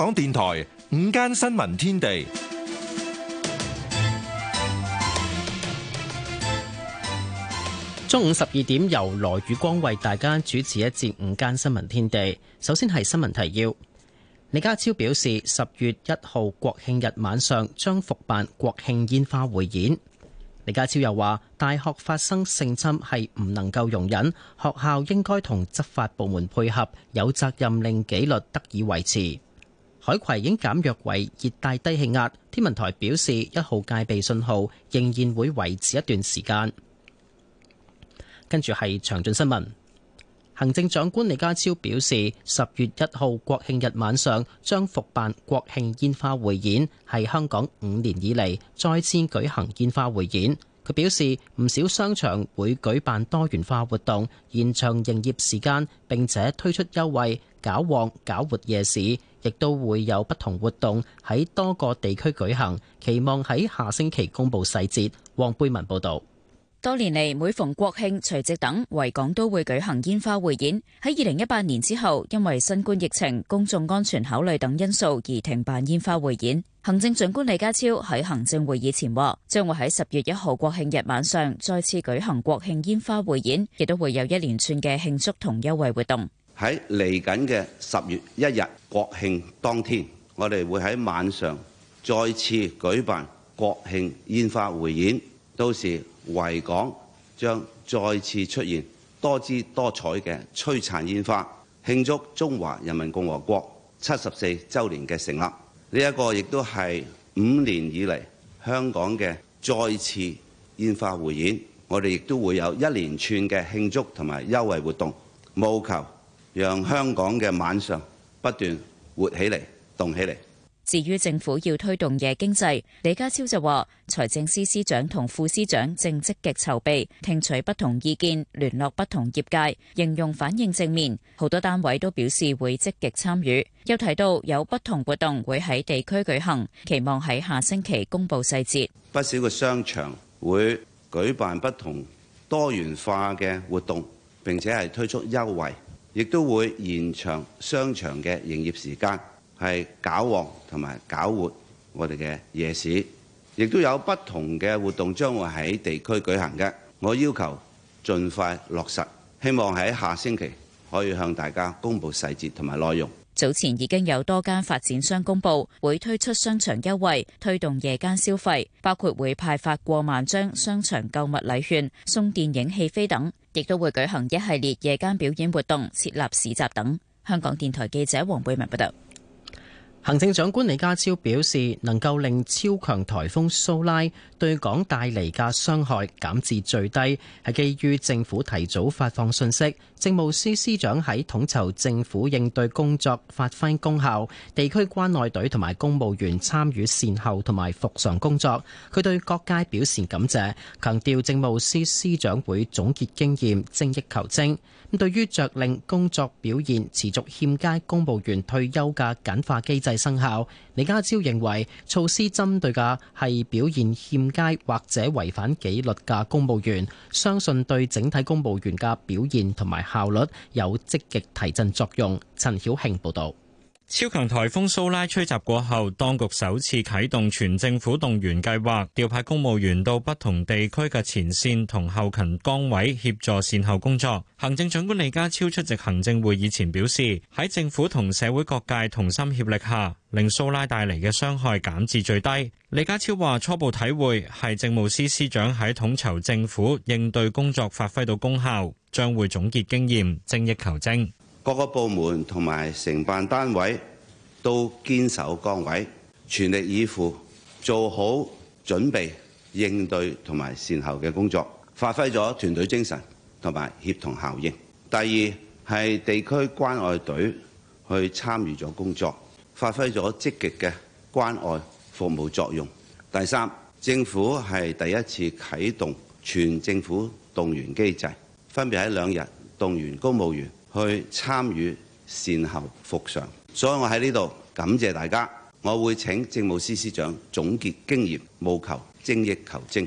香港電台午間新聞天地，中午十二點由羅宇光為大家主持一節午間新聞天地。首先係新聞提要。李家超表示，十月一號國慶日晚上將復辦國慶煙花匯演。李家超又話，大學發生性侵係唔能夠容忍，學校應該同執法部門配合，有責任令紀律得以維持。海葵已減弱為熱帶低氣壓，天文台表示一號戒備信號仍然會維持一段時間。跟住係詳盡新聞，行政長官李家超表示，十月一號國慶日晚上將復辦國慶煙花匯演，係香港五年以嚟再次舉行煙花匯演。佢表示唔少商場會舉辦多元化活動，延長營業時間，並且推出優惠，搞旺搞活夜市。亦都會有不同活動喺多個地區舉行，期望喺下星期公布細節。黃貝文報導，多年嚟每逢國慶、除夕等，維港都會舉行煙花匯演。喺二零一八年之後，因為新冠疫情、公眾安全考慮等因素而停辦煙花匯演。行政長官李家超喺行政會議前話，將會喺十月一號國慶日晚上再次舉行國慶煙花匯演，亦都會有一連串嘅慶祝同優惠活動。喺嚟緊嘅十月一日國慶當天，我哋會喺晚上再次舉辦國慶煙花匯演。到時維港將再次出現多姿多彩嘅璀璨煙花，慶祝中華人民共和國七十四週年嘅成立。呢一個亦都係五年以嚟香港嘅再次煙花匯演。我哋亦都會有一連串嘅慶祝同埋優惠活動，務求，讓香港嘅晚上不斷活起嚟，動起嚟。至於政府要推動夜經濟，李家超就話：財政司司長同副司長正積極籌備，聽取不同意見，聯絡不同業界，應用反應正面，好多單位都表示會積極參與。又提到有不同活動會喺地區舉行，期望喺下星期公布細節。不少嘅商場會舉辦不同多元化嘅活動，並且係推出優惠。亦都會延長商場嘅營業時間，係搞旺同埋搞活我哋嘅夜市，亦都有不同嘅活動將會喺地區舉行嘅。我要求盡快落實，希望喺下星期可以向大家公布細節同埋內容。早前已經有多間發展商公布會推出商場優惠，推動夜間消費，包括會派發過萬張商場購物禮券、送電影戲飛等，亦都會舉行一系列夜間表演活動、設立市集等。香港電台記者黃貝文報道。行政長官李家超表示，能夠令超強颱風蘇拉對港帶嚟嘅傷害減至最低，係基於政府提早發放信息，政務司司長喺統籌政府應對工作發揮功效，地區關愛隊同埋公務員參與善後同埋復常工作。佢對各界表示感謝，強調政務司司長會總結經驗，精益求精。咁對於著令工作表現持續欠佳公務員退休嘅簡化機制生效。李家超認為措施針對嘅係表現欠佳或者違反紀律嘅公務員，相信對整體公務員嘅表現同埋效率有積極提振作用。陳曉慶報道。超強颱風蘇拉吹襲過後，當局首次啟動全政府動員計劃，調派公務員到不同地區嘅前線同後勤崗位協助善後工作。行政長官李家超出席行政會議前表示，喺政府同社會各界同心協力下，令蘇拉帶嚟嘅傷害減至最低。李家超話初步體會係政務司司長喺統籌政府應對工作發揮到功效，將會總結經驗，精益求精。各個部門同埋承辦單位都堅守崗位，全力以赴做好準備，應對同埋善後嘅工作，發揮咗團隊精神同埋協同效應。第二，係地區關愛隊去參與咗工作，發揮咗積極嘅關愛服務作用。第三，政府係第一次啟動全政府動員機制，分別喺兩日動員公務員，去參與善後復常，所以我喺呢度感謝大家。我會請政務司司長總結經驗，務求精益求精。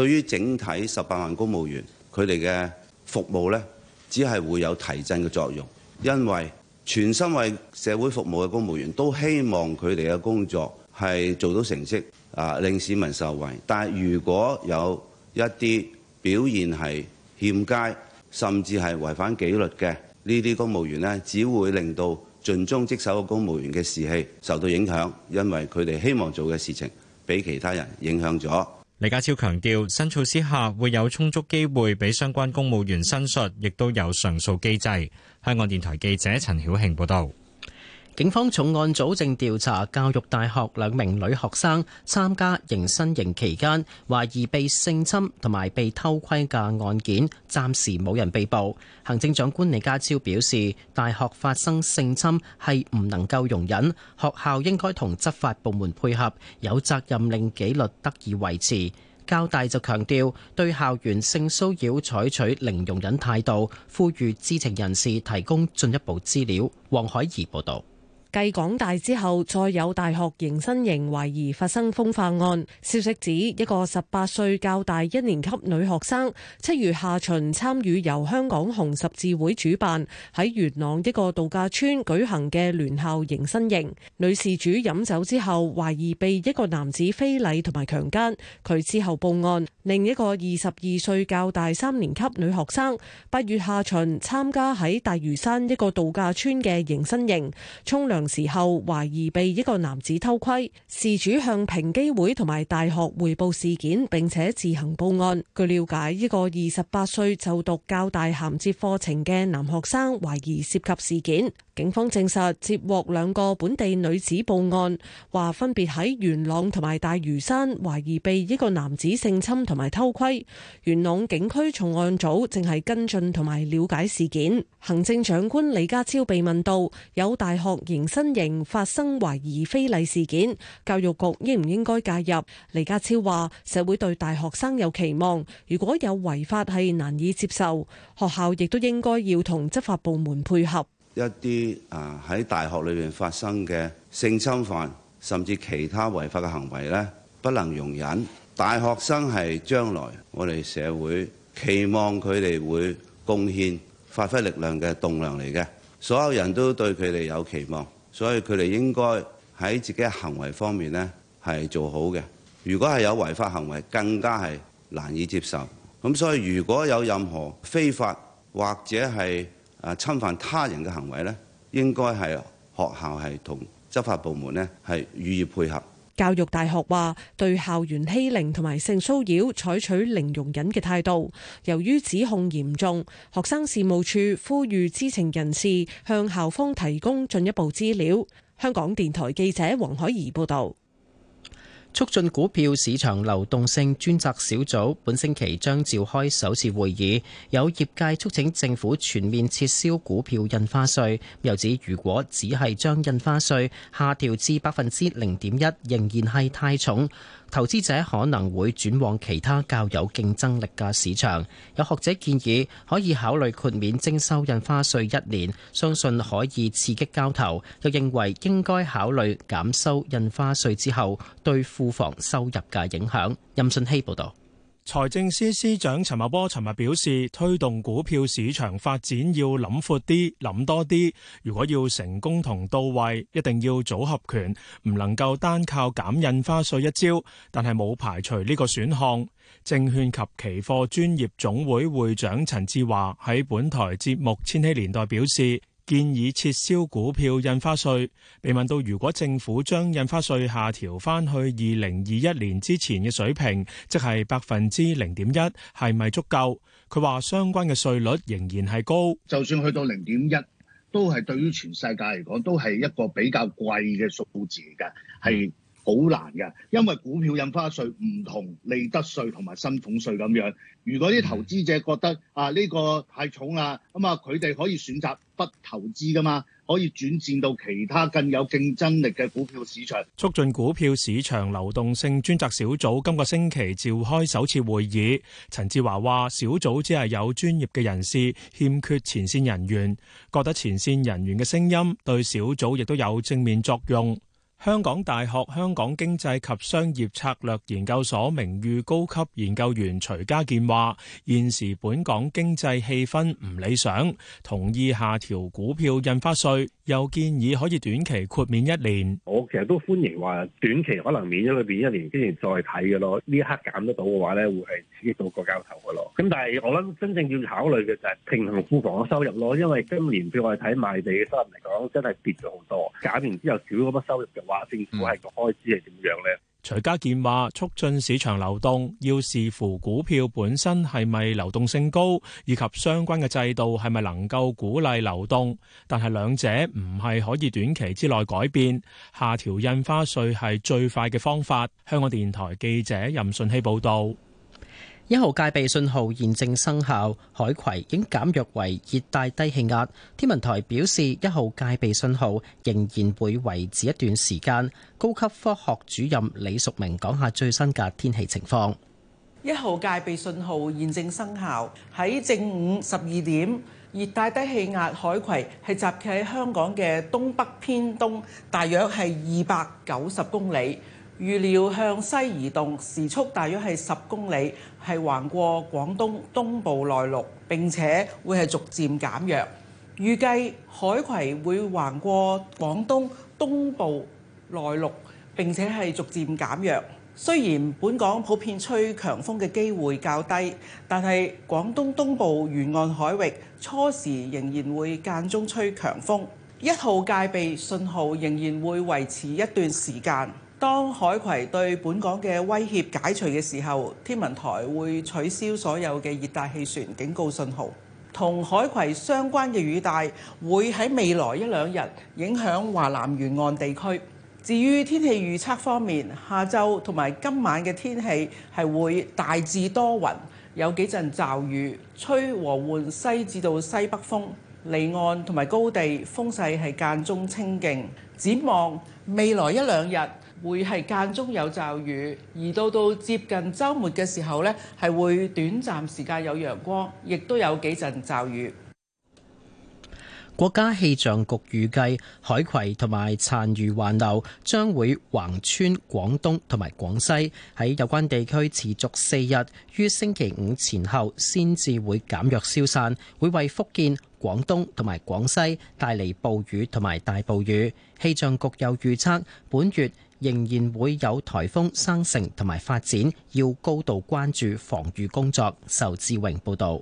對於整體十八萬公務員，佢哋嘅服務呢，只係會有提振嘅作用，因為全身為社會服務嘅公務員都希望佢哋嘅工作係做到成績，啊令市民受惠。但如果有一啲表現係欠佳，甚至係違反紀律嘅呢啲公務員呢，只會令到盡忠職守嘅公務員嘅士氣受到影響，因為佢哋希望做嘅事情俾其他人影響咗。李家超強調，新措施下會有充足機會俾相關公務員申述，亦都有上訴機制。香港電台記者陳曉慶報道。警方重案組正調查教育大學兩名女學生參加迎新營期間，懷疑被性侵同埋被偷窺嘅案件，暫時冇人被捕。行政長官李家超表示，大學發生性侵係唔能夠容忍，學校應該同執法部門配合，有責任令紀律得以維持。教大就強調對校園性騷擾採取零容忍態度，呼籲知情人士提供進一步資料。黃海怡報導。繼港大之後，再有大學迎新營懷疑發生風化案。消息指，一個十八歲較大一年級女學生，七月下旬參與由香港紅十字會主辦喺元朗一個度假村舉行嘅聯校迎新營，女事主飲酒之後，懷疑被一個男子非禮同埋強姦，佢之後報案。另一個二十二歲較大三年級女學生，八月下旬參加喺大嶼山一個度假村嘅迎新營，沖涼。時候懷疑被一個男子偷窺，事主向平機會同埋大學匯報事件，並且自行報案。據了解，一個二十八歲就讀較大銜接課程嘅男學生懷疑涉，涉及事件。警方證實接獲兩個本地女子報案，話分別喺元朗同埋大嶼山懷疑被一個男子性侵同埋偷窺。元朗警區重案組正係跟進同埋了解事件。行政長官李家超被問到有大學迎。新型發生懷疑非禮事件，教育局應唔應該介入？李家超話：社會對大學生有期望，如果有違法係難以接受，學校亦都應該要同執法部門配合。一啲啊喺大學裏面發生嘅性侵犯，甚至其他違法嘅行為咧，不能容忍。大學生係將來我哋社會期望佢哋會貢獻、發揮力量嘅棟樑嚟嘅，所有人都對佢哋有期望。所以佢哋應該喺自己嘅行為方面呢，係做好嘅。如果係有違法行為，更加係難以接受。咁所以如果有任何非法或者係侵犯他人嘅行為呢，應該係學校係同執法部門呢，係予以配合。教育大學話對校園欺凌同埋性騷擾採取零容忍嘅態度。由於指控嚴重，學生事務處呼籲知情人士向校方提供進一步資料。香港電台記者黃海怡報導。促進股票市場流動性專責小組本星期將召開首次會議，有業界促請政府全面撤銷股票印花稅，又指如果只係將印花稅下調至百分之零點一，仍然係太重。投資者可能會轉往其他較有競爭力嘅市場。有學者建議可以考慮豁免徵收印花稅一年，相信可以刺激交投。又認為應該考慮減收印花稅之後對庫房收入嘅影響。任信希報導。財政司司長陳茂波尋日表示，推動股票市場發展要諗闊啲、諗多啲。如果要成功同到位，一定要組合拳，唔能夠單靠減印花稅一招。但係冇排除呢個選項。證券及期貨專業總會會長陳志華喺本台節目《千禧年代》表示。建議撤銷股票印花稅。被問到如果政府將印花稅下調翻去二零二一年之前嘅水平，即係百分之零點一，係咪足夠？佢話相關嘅稅率仍然係高，就算去到零點一，都係對於全世界嚟講都係一個比較貴嘅數字嚟噶係好難噶。因為股票印花稅唔同利得稅同埋薪俸稅咁樣，如果啲投資者覺得啊呢個太重啦，咁啊佢哋可以選擇不投資㗎嘛，可以轉戰到其他更有競爭力嘅股票市場。促進股票市場流動性專責小組今個星期召開首次會議。陳志華話：小組只係有專業嘅人士，欠缺前線人員，覺得前線人員嘅聲音對小組亦都有正面作用。香港大學香港經濟及商業策略研究所名譽高級研究員徐家健話：現時本港經濟氣氛唔理想，同意下調股票印花稅。又建議可以短期豁免一年，我其實都歡迎話短期可能免咗裏邊一年，跟住再睇嘅咯。呢一刻減得到嘅話咧，會係刺激到個交頭嘅咯。咁但係我諗真正要考慮嘅就係平衡庫房嘅收入咯，因為今年譬如我哋睇賣地嘅收入嚟講，真係跌咗好多。減完之後少咗筆收入嘅話，政府係個開支係點樣咧？徐家健話：促進市場流動，要視乎股票本身係咪流動性高，以及相關嘅制度係咪能夠鼓勵流動。但係兩者唔係可以短期之內改變。下調印花稅係最快嘅方法。香港電台記者任信希報道。一號戒備信號現正生效，海葵已減弱為熱帶低氣壓。天文台表示，一號戒備信號仍然會維持一段時間。高級科學主任李淑明講下最新嘅天氣情況。一號戒備信號現正生效，喺正午十二點，熱帶低氣壓海葵係集結喺香港嘅東北偏東，大約係二百九十公里。預料向西移動時速大約係十公里，係橫過廣東東部內陸，並且會係逐漸減弱。預計海葵會橫過廣東東部內陸，並且係逐漸減弱。雖然本港普遍吹強風嘅機會較低，但係廣東東部沿岸海域初時仍然會間中吹強風，一號戒備信號仍然會維持一段時間。當海葵對本港嘅威脅解除嘅時候，天文台會取消所有嘅熱帶氣旋警告信號。同海葵相關嘅雨帶會喺未來一兩日影響華南沿岸地區。至於天氣預測方面，下晝同埋今晚嘅天氣係會大致多雲，有幾陣驟雨，吹和緩西至到西北風。離岸同埋高地風勢係間中清勁。展望未來一兩日，會係間中有驟雨，而到到接近週末嘅時候呢，係會短暫時間有陽光，亦都有幾陣驟雨。國家氣象局預計海葵同埋殘餘環流將會橫穿廣東同埋廣西，喺有關地區持續四日，於星期五前後先至會減弱消散，會為福建、廣東同埋廣西帶嚟暴雨同埋大暴雨。氣象局又預測本月仍然會有颱風生成同埋發展，要高度關注防禦工作。仇志榮報導。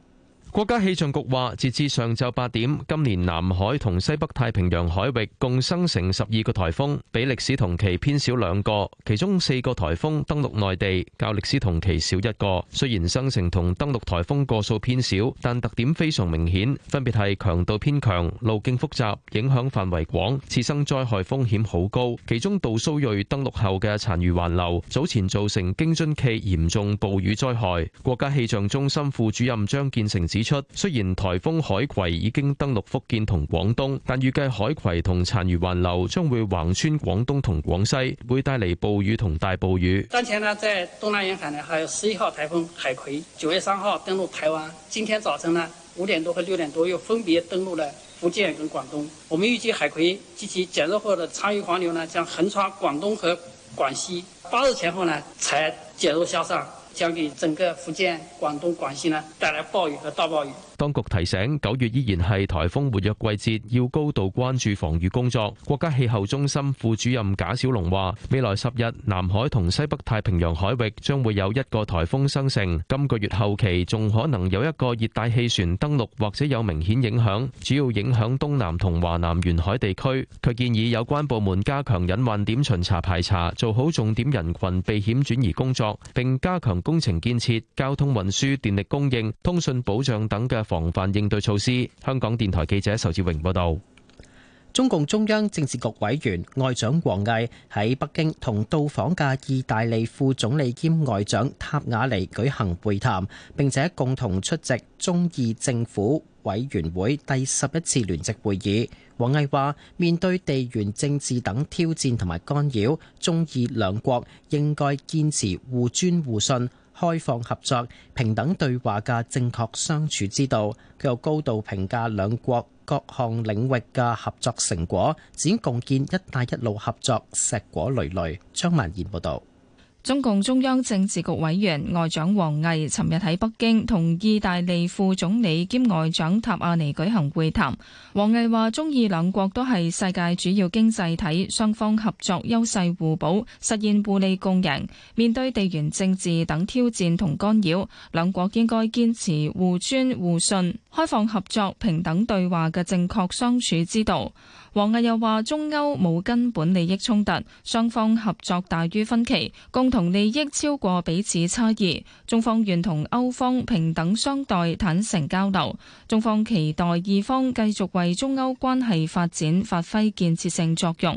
國家氣象局話，截至上晝八點，今年南海同西北太平洋海域共生成十二個颱風，比歷史同期偏少兩個。其中四個颱風登陸內地，較歷史同期少一個。雖然生成同登陸颱風個數偏少，但特點非常明顯，分別係強度偏強、路徑複雜、影響範圍廣、次生災害風險好高。其中杜蘇芮登陸後嘅殘餘環流，早前造成京津冀嚴重暴雨災害。國家氣象中心副主任張建成。指出，雖然台風海葵已經登陸福建同廣東，但預計海葵同殘餘環流將會橫穿廣東同廣西，會帶嚟暴雨同大暴雨。當前呢，在東南沿海呢，還有十一號台風海葵，九月三號登陸台灣，今天早晨呢，五點多和六點多又分別登陸了福建跟廣東。我們預計海葵及其減弱後的殘餘環流呢，將橫穿廣東和廣西，八日前後呢，才減弱消散。將給整個福建、廣東、廣西呢，帶來暴雨和大暴雨。當局提醒，九月依然係颱風活躍季節，要高度關注防禦工作。國家氣候中心副主任賈小龍話，未來十日，南海同西北太平洋海域將會有一個颱風生成，今個月後期，仲可能有一個熱帶氣旋登陸或者有明顯影響，主要影響東南同華南沿海地區。佢建議有關部門加強隱患點巡查排查，做好重點人群避險轉移工作，並加強工程建設、交通運輸、電力供應、通訊保障等嘅。防範應對措施。香港電台記者仇志榮報道。中共中央政治局委員外長王毅喺北京同到訪嘅意大利副總理兼外長塔雅尼舉行會談，並且共同出席中意政府委員會第十一次聯席會議，王毅話，面對地緣政治等挑戰同埋干擾，中意兩國應該堅持互尊互信，開放合作、平等對話嘅正確相處之道，佢又高度評價兩國各項領域嘅合作成果，展共建「一帶一路」合作碩果累累。張文賢報道。中共中央政治局委員外長王毅尋日喺北京同意大利副總理兼外長塔亞尼舉行會談。王毅話：中意兩國都係世界主要經濟體，雙方合作優勢互補，實現互利共贏。面對地緣政治等挑戰同干擾，兩國應該堅持互尊互信、開放合作、平等對話嘅正確相處之道。王毅又話：中歐冇根本利益衝突，雙方合作大於分歧，共同利益超過彼此差異，中方願同歐方平等相待、坦誠交流。中方期待意方繼續為中歐關係發展發揮建設性作用。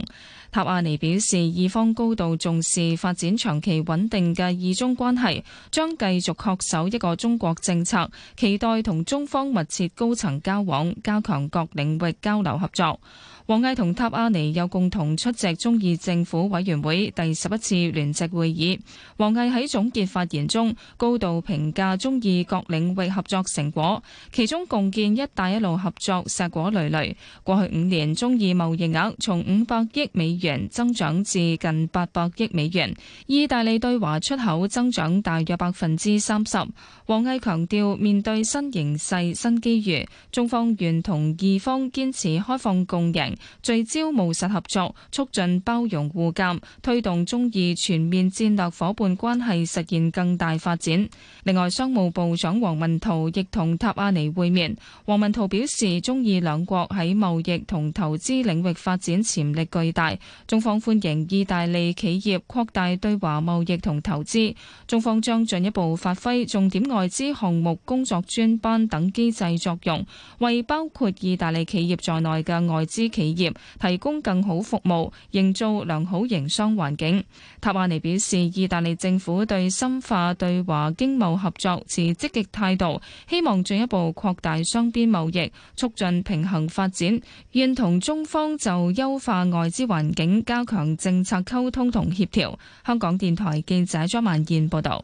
塔阿尼表示，意方高度重視發展長期穩定嘅意中關係，將繼續恪守一個中國政策，期待同中方密切高層交往，加強各領域交流合作。王毅同塔阿尼又共同出席中意政府委員會第十一次聯席會議，王毅喺總結發言中高度評價中意各領域合作成果，其中共。共建“一帶一路”合作碩果累累，過去五年中意貿易額從五百億美元增長至近八百億美元，意大利對華出口增長大約百分之三十。王毅強調，面對新形勢新機遇，中方願同意方堅持開放共贏，聚焦務實合作，促進包容互鑒，推動中意全面戰略夥伴關係實現更大發展。另外，商務部長王文濤亦同塔阿尼會面。王文濤表示，中意兩國喺貿易同投資領域發展潛力巨大，中方歡迎意大利企業擴大對華貿易同投資，中方將進一步發揮重點外資項目工作專班等機制作用，為包括意大利企業在內嘅外資企業提供更好服務，營造良好營商環境。塔瓦尼表示，意大利政府對深化對華經貿合作持積極態度，希望進一步擴大雙邊貿易促進平衡發展，願同中方就優化外資環境加強政策溝通同協調。香港電台記者張曼燕報道。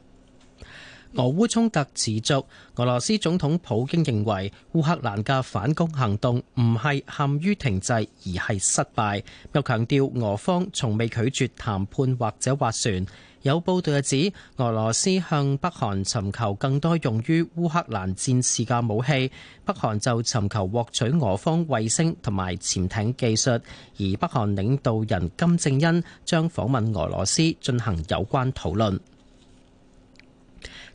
俄烏衝突持續，俄羅斯總統普京認為烏克蘭嘅反攻行動唔係陷於停滯，而係失敗。又強調俄方從未拒絕談判或者斡旋。有報導指，俄羅斯向北韓尋求更多用於烏克蘭戰事嘅武器，北韓就尋求獲取俄方衛星同埋潛艇技術，而北韓領導人金正恩將訪問俄羅斯進行有關討論。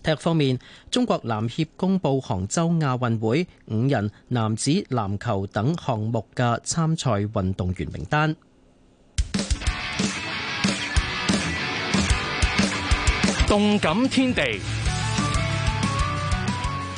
體育方面，中國籃協公佈杭州亞運會五人男子籃球等項目嘅參賽運動員名單。動感天地。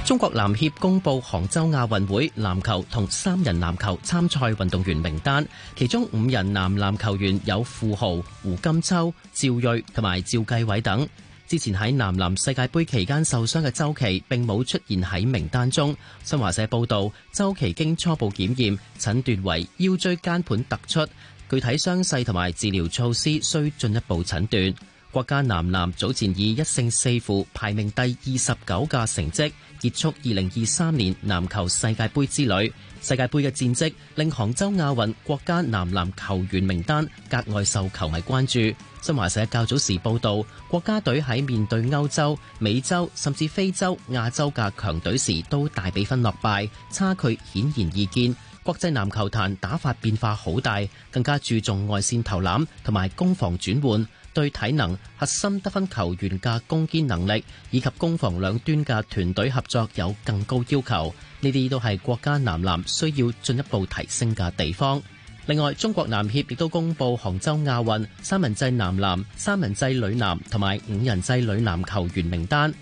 中國籃協公布杭州亞運會籃球同三人籃球參賽運動員名單，其中五人男籃球員有傅豪、胡金秋、趙睿同埋趙繼偉等。之前喺男籃世界盃期間受傷嘅周琦，並冇出現喺名單中。新華社報道，周琦經初步檢驗，診斷為腰椎間盤突出，具體傷勢同埋治療措施需進一步診斷。國家男籃早前以一勝四負排名第二十九嘅成績結束二零二三年籃球世界杯之旅。世界杯嘅戰績令杭州亞運國家男籃球員名單格外受球迷關注。新華社較早時報道，國家隊喺面對歐洲、美洲甚至非洲、亞洲嘅強隊時都大比分落敗，差距顯然易見。國際籃球壇打法變化好大，更加注重外線投籃同埋攻防轉換。對體能、核心得分球員嘅攻堅能力以及攻防兩端嘅團隊合作有更高要求，呢啲都係國家男籃需要進一步提升嘅地方。另外，中國籃協亦都公布杭州亞運三人制男籃、三人制女籃同埋五人制女籃球員名單。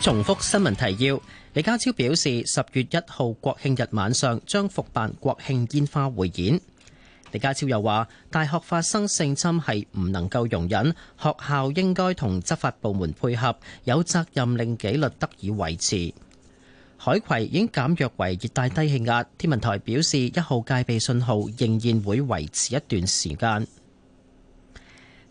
重複新聞提要：李家超表示，十月一號國慶日晚上將複辦國慶煙花匯演。李家超又話：大學發生性侵係唔能夠容忍，學校應該同執法部門配合，有責任令紀律得以維持。海葵已經減弱為熱帶低氣壓，天文台表示一號戒備信號仍然會維持一段時間。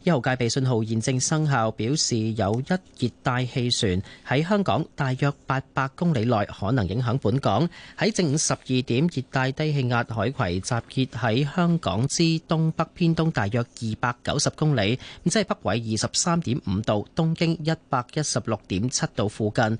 一號戒備信號現正生效，表示有一熱帶氣旋喺香港大約八百公里內可能影響本港。喺正午十二點，熱帶低氣壓海葵集結喺香港之東北偏東大約二百九十公里，即係北緯二十三點五度、東經一百一十六點七度附近。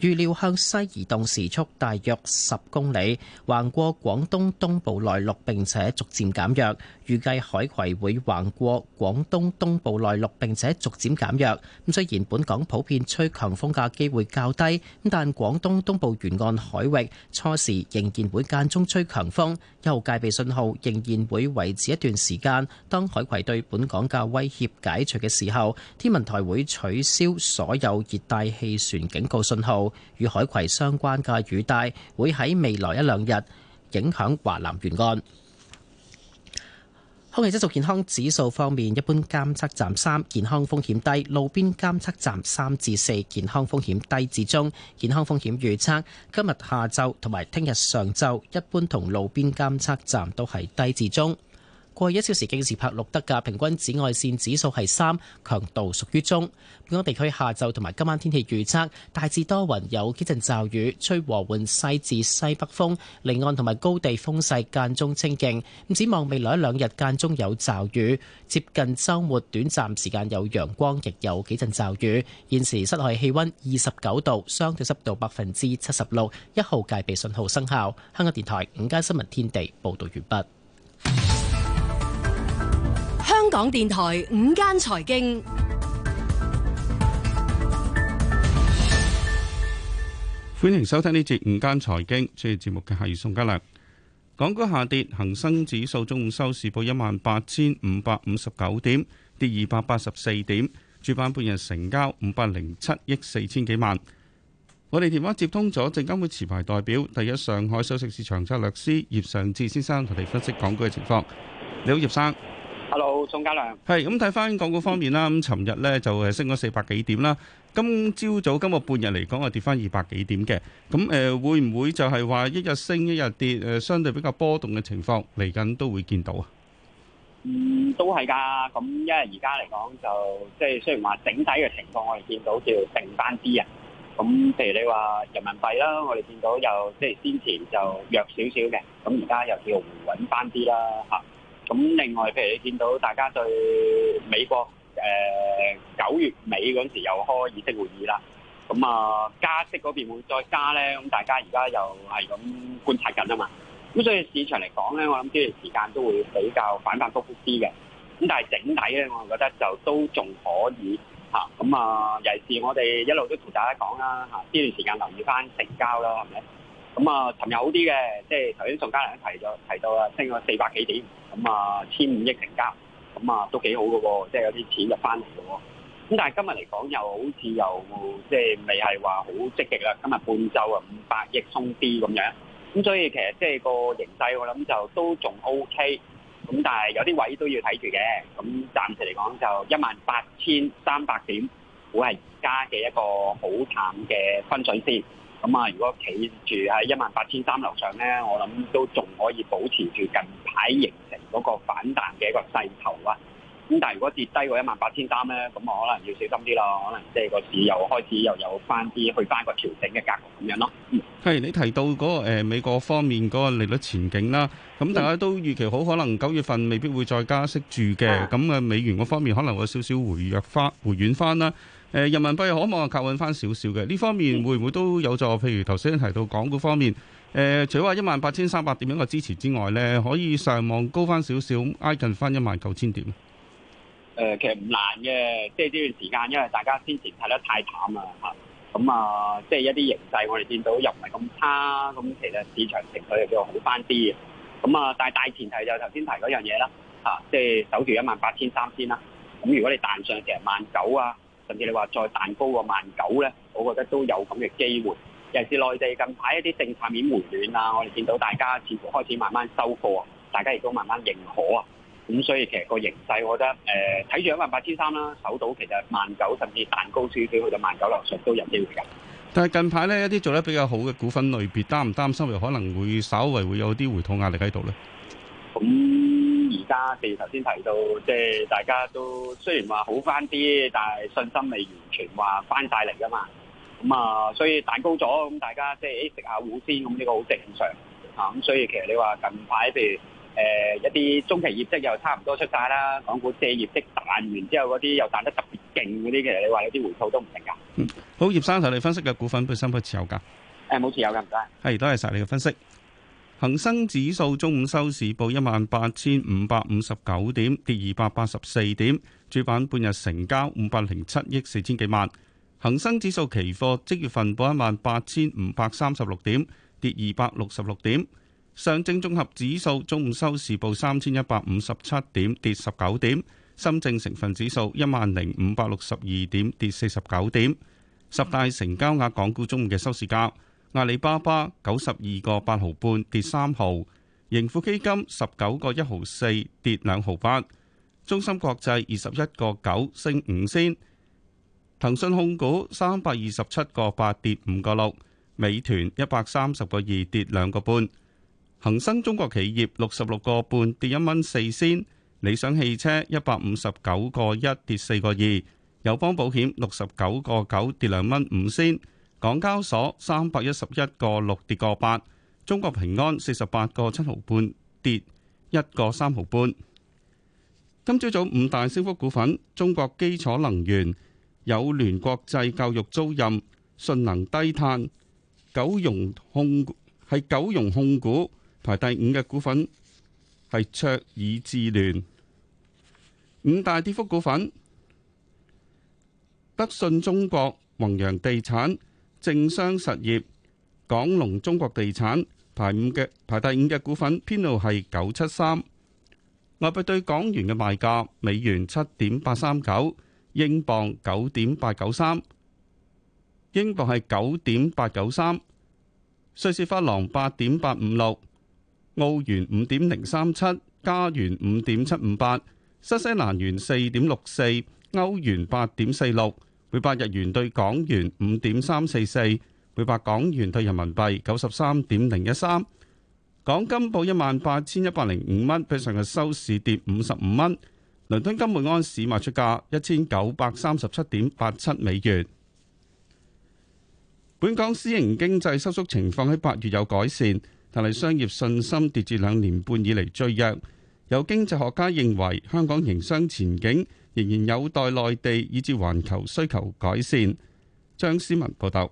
預料向西移動時速大約十公里，橫過廣東東部內陸並且逐漸減弱。預計海葵會橫過廣東東部內陸並且逐漸減弱。咁雖然本港普遍吹強風嘅機會較低，但廣東東部沿岸海域初時仍然會間中吹強風。一號戒備信號仍然會維持一段時間。當海葵對本港嘅威脅解除嘅時候，天文台會取消所有熱帶氣旋警告信號。與海葵相關嘅雨帶會喺未來一兩日影響華南沿岸。空氣質素健康指數方面，一般監測站三，健康風險低；路邊監測站三至四，健康風險低至中。健康風險預測今日下晝同埋聽日上晝，一般同路邊監測站都係低至中。過去一小時，京士柏錄得嘅平均紫外線指數係三，強度屬於中。本港地區下晝同埋今晚天氣預測大致多雲，有幾陣驟雨，吹和緩西至西北風。離岸同埋高地風勢間中清勁。展望未來一兩日間中有驟雨，接近周末短暫時間有陽光，亦有幾陣驟雨。現時室內氣温二十九度，相對濕度百分之七十六，一號戒備信號生效。香港電台午間新聞天地報道完畢。香港電台午間財經，歡迎收聽呢節午間財經。主持節目嘅係宋嘉良。港股下跌，恒生指數中午收市報一萬八千五百五十九點，跌二百八十四點。主板半日成交五百零七億四千幾萬。我哋電話接通咗，證監會持牌代表、第一上海首席市場策略師葉尚志先生同你分析港股嘅情況。你好，葉生。hello，宋家良係咁睇翻港股方面啦，咁尋日咧，就係升咗四百幾點啦，今朝早今日半日嚟講啊跌翻二百幾點嘅，咁誒會唔會就係話一日升一日跌誒相對比較波動嘅情況嚟緊都會見到啊？嗯，都係噶，咁因為而家嚟講就即係雖然話整體嘅情況我哋見到叫定翻啲啊，咁譬如你話人民幣啦，我哋見到又即係先前就弱少少嘅，咁而家又叫穩翻啲啦吓。咁另外，譬如你見到大家對美國誒九、呃、月尾嗰陣時又開議息會議啦，咁啊加息嗰邊會再加咧，咁大家而家又係咁觀察緊啊嘛。咁所以市場嚟講咧，我諗呢段時間都會比較反反覆覆啲嘅。咁但係整體咧，我覺得就都仲可以嚇咁啊，啊，尤其是我哋一路都同大家講啦嚇，呢、啊、段時間留意翻成交囉。係咪？咁啊，尋日好啲嘅，即係頭先宋嘉良提咗提到啦，升咗四百幾點。咁啊，千五億成交，咁啊都幾好嘅喎、哦，即係有啲錢入翻嚟嘅喎。咁但係今日嚟講，又好似又即係未係話好積極啦。今日半晝，啊，五百億鬆啲咁樣，咁所以其實即係個形勢，我諗就都仲 O K。咁但係有啲位置都要睇住嘅。咁暫時嚟講就一萬八千三百點，會係而家嘅一個好淡嘅分水線。咁啊，如果企住喺一萬八千三樓上咧，我諗都仲可以保持住近排形成嗰個反彈嘅一個勢頭啊。咁但係如果跌低過一萬八千三咧，咁我可能要小心啲咯。可能即係個市又開始又有翻啲去翻個調整嘅格局咁樣咯。係，係你提到嗰個誒美國方面嗰個利率前景啦，咁大家都預期好可能九月份未必會再加息住嘅，咁啊美元嗰方面可能會少少回弱翻、回軟翻啦。誒人民幣可望靠穩翻少少嘅呢方面，會唔會都有助？譬如頭先提到港股方面，誒除咗話一萬八千三百點一個支持之外咧，可以上望高翻少少，挨近翻一萬九千點。誒、呃，其實唔難嘅，即係呢段時間，因為大家先前睇得太淡啦啊，嚇，咁啊，即係一啲形勢我哋見到又唔係咁差，咁、啊、其實市場情緒又叫好翻啲嘅。咁啊，但係大前提就頭先提嗰樣嘢啦，嚇、啊，即係守住一萬八千三千啦。咁如果你彈上成萬九啊～甚至你話再彈高個萬九咧，我覺得都有咁嘅機會。尤其是內地近排一啲政策面回暖啊，我哋見到大家似乎開始慢慢收貨啊，大家亦都慢慢認可啊。咁所以其實個形勢，我覺得誒，睇住一萬八千三啦，18, 3, 守到其實萬九，甚至彈高少少去到萬九樓上都有機會嘅。但係近排咧一啲做得比較好嘅股份類別，擔唔擔心又可能會稍為會有啲回吐壓力喺度咧？嗯。家地頭先提到，即、就、係、是、大家都雖然話好翻啲，但係信心未完全話翻晒嚟㗎嘛。咁、嗯、啊，所以彈高咗，咁大家即係誒食下糊先，咁、嗯、呢、這個好正常。啊、嗯，咁所以其實你話近排譬如誒、呃、一啲中期業績又差唔多出晒啦，港股借業績彈完之後嗰啲又彈得特別勁嗰啲嘅，其實你話有啲回吐都唔定㗎。好，葉生頭先你分析嘅股份本身新持有㗎。誒、呃，冇持有㗎，唔該。係，多謝晒你嘅分析。恒生指數中午收市報一萬八千五百五十九點，跌二百八十四點。主板半日成交五百零七億四千幾萬。恒生指數期貨即月份報一萬八千五百三十六點，跌二百六十六點。上證綜合指數中午收市報三千一百五十七點，跌十九點。深證成分指數一萬零五百六十二點，跌四十九點。十大成交額港股中午嘅收市價。阿里巴巴九十二個八毫半跌三毫，盈富基金十九個一毫四跌兩毫八，中芯國際二十一個九升五仙，騰訊控股三百二十七個八跌五個六，美團一百三十個二跌兩個半，恒生中國企業六十六個半跌一蚊四仙，理想汽車一百五十九個一跌四個二，友邦保險六十九個九跌兩蚊五仙。港交所三百一十一個六跌個八，中國平安四十八個七毫半跌一個三毫半。今朝早，早五大升幅股份：中國基礎能源、友聯國際教育租賃、信能低碳、九融控係九融控股，控股排第五嘅股份，係卓爾智聯。五大跌幅股份：德信中國、弘陽地產。正商實業、港龍、中國地產排五嘅排第五嘅股份，編號係九七三。外幣對港元嘅賣價：美元七點八三九，英鎊九點八九三，英鎊係九點八九三，瑞士法郎八點八五六，澳元五點零三七，加元五點七五八，新西蘭元四點六四，歐元八點四六。每百日元兌港元五點三四四，每百港元兌人民幣九十三點零一三。港金報一萬八千一百零五蚊，比上日收市跌五十五蚊。倫敦金每安士賣出價一千九百三十七點八七美元。本港私營經濟收縮情況喺八月有改善，但係商業信心跌至兩年半以嚟最弱。有經濟學家認為，香港營商前景，仍然有待內地以至環球需求改善。張思文報道，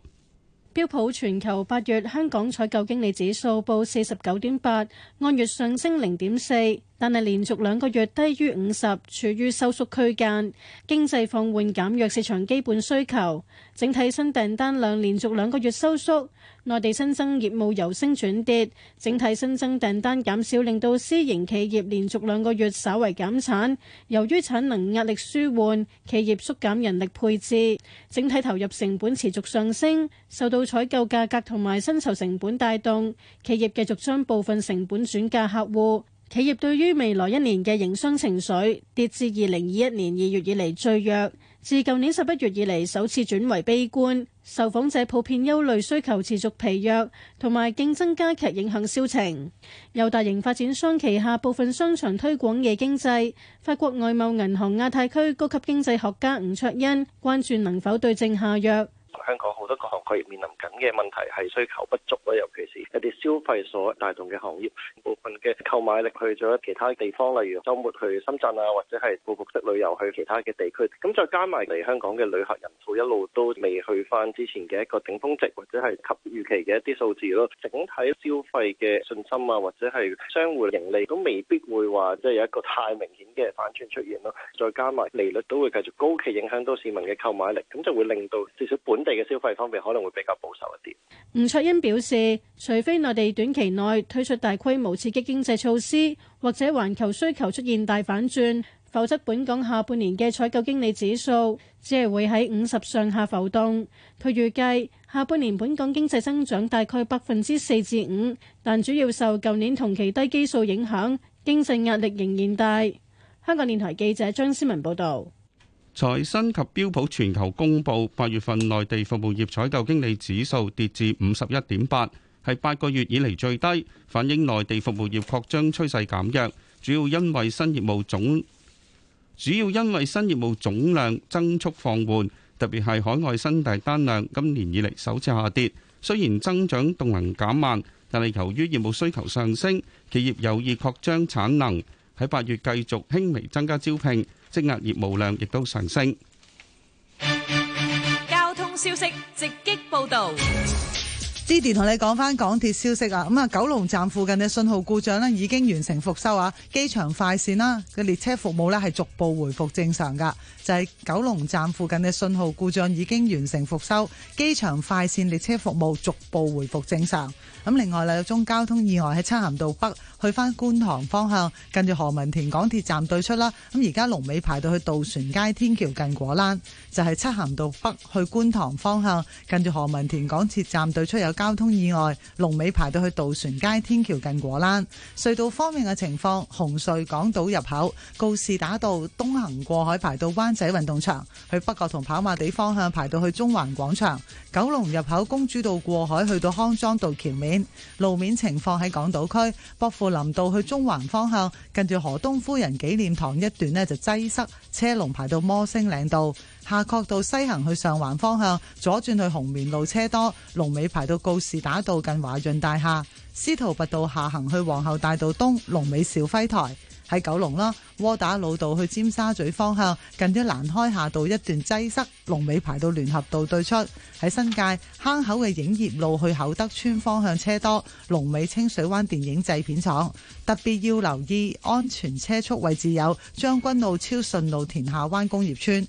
標普全球八月香港採購經理指數報四十九點八，按月上升零點四。但係連續兩個月低於五十，處於收縮區間，經濟放緩減弱市場基本需求。整體新訂單量連續兩個月收縮，內地新增業務由升轉跌，整體新增訂單減少，令到私營企業連續兩個月稍為減產。由於產能壓力舒緩，企業縮減人力配置，整體投入成本持續上升，受到採購價格同埋薪酬成本帶動，企業繼續將部分成本轉嫁客戶。企業對於未來一年嘅營商情緒跌至二零二一年二月以嚟最弱，自舊年十一月以嚟首次轉為悲觀。受訪者普遍憂慮需求持續疲弱，同埋競爭加劇影響銷情。有大型發展商旗下部分商場推廣夜經濟。法國外貿銀行亞太區高級經濟學家吳卓恩關注能否對症下藥。香港好多各行各業面臨緊嘅問題，係需求不足啊，尤其是一啲消費所帶動嘅行業，部分嘅購買力去咗其他地方，例如周末去深圳啊，或者係報復式旅遊去其他嘅地區，咁再加埋嚟香港嘅旅客人數一路都未去翻之前嘅一個頂峰值，或者係及預期嘅一啲數字咯。整體消費嘅信心啊，或者係商戶盈利都未必會話即係有一個太明顯嘅反轉出現咯。再加埋利率都會繼續高企，影響到市民嘅購買力，咁就會令到至少本嘅消費方面可能會比較保守一啲。吳卓欣表示，除非內地短期內推出大規模刺激經濟措施，或者環球需求出現大反轉，否則本港下半年嘅採購經理指數只係會喺五十上下浮動。佢預計下半年本港經濟增長大概百分之四至五，但主要受舊年同期低基數影響，經濟壓力仍然大。香港電台記者張思文報道。財新及標普全球公布八月份內地服務業採購經理指數跌至五十一點八，係八個月以嚟最低，反映內地服務業擴張趨勢減弱。主要因為新業務總主要因為新業務總量增速放緩，特別係海外新大單量今年以嚟首次下跌。雖然增長動能減慢，但係由於業務需求上升，企業有意擴張產能，喺八月繼續輕微增加招聘。積壓業務量亦都上升。交通消息直擊報導。Diddy 同你講翻港鐵消息啊，咁啊九龍站附近嘅信號故障呢已經完成復修啊，機場快線啦嘅列車服務呢係逐步回復正常噶，就係、是、九龍站附近嘅信號故障已經完成復修，機場快線列車服務逐步回復正常。咁另外有宗交通意外喺漆咸道北去翻觀塘方向，跟住何文田港鐵站對出啦，咁而家龍尾排到去渡船街天橋近果欄，就係、是、漆咸道北去觀塘方向跟住何文田港鐵站對出有。交通意外，龍尾排到去渡船街天橋近果欄。隧道方面嘅情況，紅隧港島入口告士打道東行過海排到灣仔運動場，去北角同跑馬地方向排到去中環廣場。九龍入口公主道過海去到康莊道橋面路面情況。喺港島區，薄扶林道去中環方向，近住河東夫人紀念堂一段呢就擠塞，車龍排到摩星嶺道。夏慤道西行去上環方向，左轉去紅棉路車多，龍尾排到告士打道近華潤大廈。司徒拔道下行去皇后大道東，龍尾兆輝台，喺九龍啦。窩打老道去尖沙咀方向，近啲蘭開夏道一段擠塞，龍尾排到聯合道對出。喺新界坑口嘅影業路去厚德村方向車多，龍尾清水灣電影製片廠。特別要留意安全車速位置有將軍澳、超順路、田下灣工業村。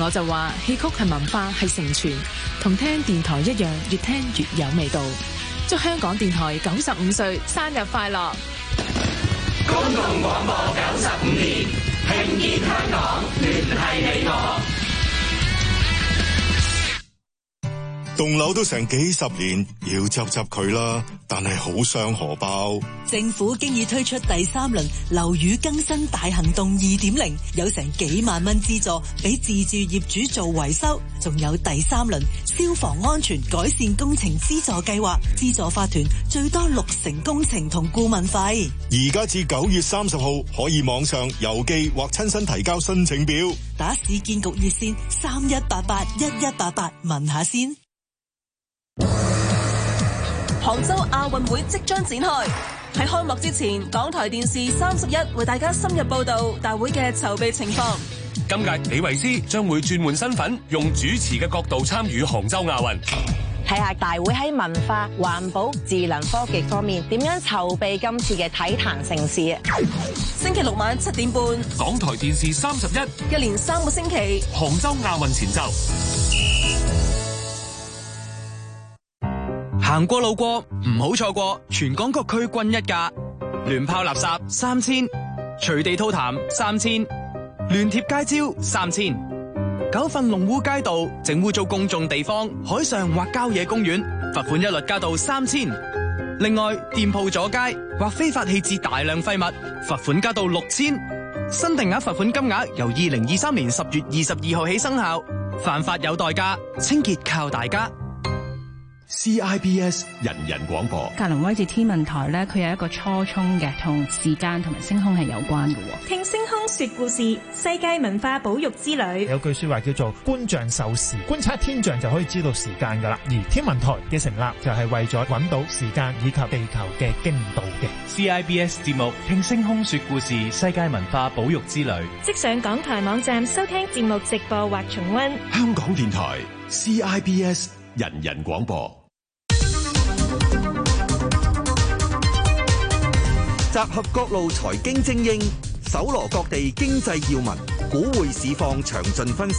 我就話，戲曲係文化，係承傳，同聽電台一樣，越聽越有味道。祝香港電台九十五歲生日快樂！公共廣播九十五年，聽見香港，聯繫你我。棟樓都成幾十年，要執執佢啦，但係好傷荷包。政府經已推出第三輪樓宇更新大行動二點零，有成幾萬蚊資助俾自住業主做維修，仲有第三輪消防安全改善工程資助計劃，資助法團最多六成工程同顧問費。而家至九月三十號可以網上、郵寄或親身提交申請表，打市建局熱線三一八八一一八八問下先。杭州亞運會即將展開，喺開幕之前，港台電視三十一為大家深入報道大會嘅籌備情況。今屆李維斯將會轉換身份，用主持嘅角度參與杭州亞運。睇下大會喺文化、環保、智能科技方面點樣籌備今次嘅體壇盛事。星期六晚七點半，港台電視三十一，一連三個星期，杭州亞運前奏。行過路過唔好錯過，全港各區均一價，亂拋垃圾三千，隨地吐痰三千，亂貼街招三千，狗糞弄污街道整污糟公眾地方，海上或郊野公園，罰款一律加到三千。另外，店鋪阻街或非法棄置大量廢物，罰款加到六千。新定額罰款金額由二零二三年十月二十二號起生效。犯法有代價，清潔靠大家。CIBS 人人廣播，格林威治天文台咧，佢有一個初衷嘅，同時間同埋星空係有關嘅。聽星空說故事，世界文化保育之旅。有句說話叫做觀象授時，觀察天象就可以知道時間噶啦。而天文台嘅成立就係為咗搵到時間以及地球嘅經度嘅。CIBS 節目聽星空說故事，世界文化保育之旅。即上港台網站收聽節目直播或重溫。香港電台 CIBS 人人廣播。集合各路財經精英，搜羅各地經濟要聞，股匯市況詳盡分析。